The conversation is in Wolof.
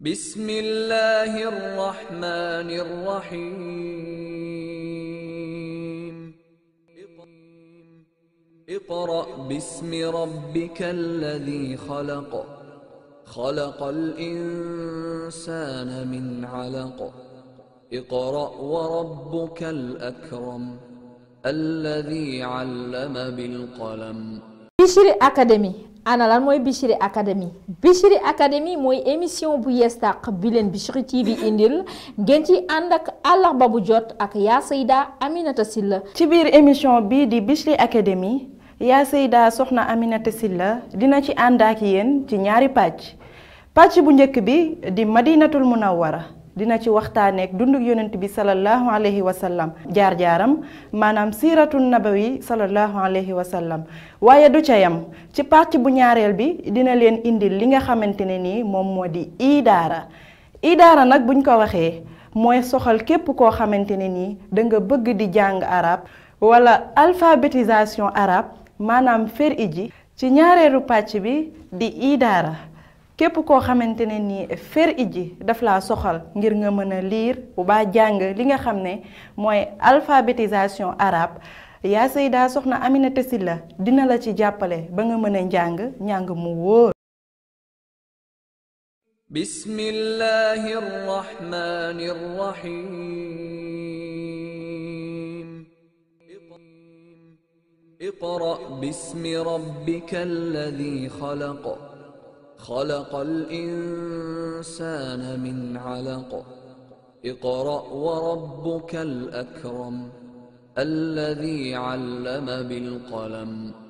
بسم الله الرحمن الرحيم اقرأ باسم ربك الذي خلق خلق الإنسان من علق اقرأ وربك الأكرم الذي علم بالقلم Bichri Academy ana mooy Bichri Academy Bichri Academy mooy émission bu yees tàq bi leen Bichri TV indil ngeen ci ànd ak àllarba bu jot ak yaa Seyda Aminata Silla ci biir émission bii di Bichri Academy yaa Seyda soxna Aminata Silla dina ci ànd ak yéen ci ñaari pàcc pàcc bu njëkk bi di Madinatul mën a Munawwara dina ci waxtaaneek dunduk yonent bi salallahu alayhi wa sallam jaar-jaaram maanaam siiratu nabawi salallahu alayhi wa sallam waaye du ca yam ci pàcc bu ñaareel bi dina leen indil li nga xamante ne nii moom moo di idaara idaara nag buñ ko waxee mooy soxal képp koo xamante ne nii da nga bëgg di jàng arab wala alphabétisation arabe maanaam fer iji ci ñaareelu pàcc bi di idaara képp koo xamante ne nii fer iji daf laa soxal ngir nga mën a lire bu jàng li nga xam ne mooy alphabétisation arabe yaa Seyda soxna Aminata la dina la ci jàppale ba nga mën njàng njàng mu wóor bismillahi rahmani rahim iqra bismi rabbika alladi xalaq خلق الإنسان من علق اقرأ وربك الأكرم الذي علم بالقلم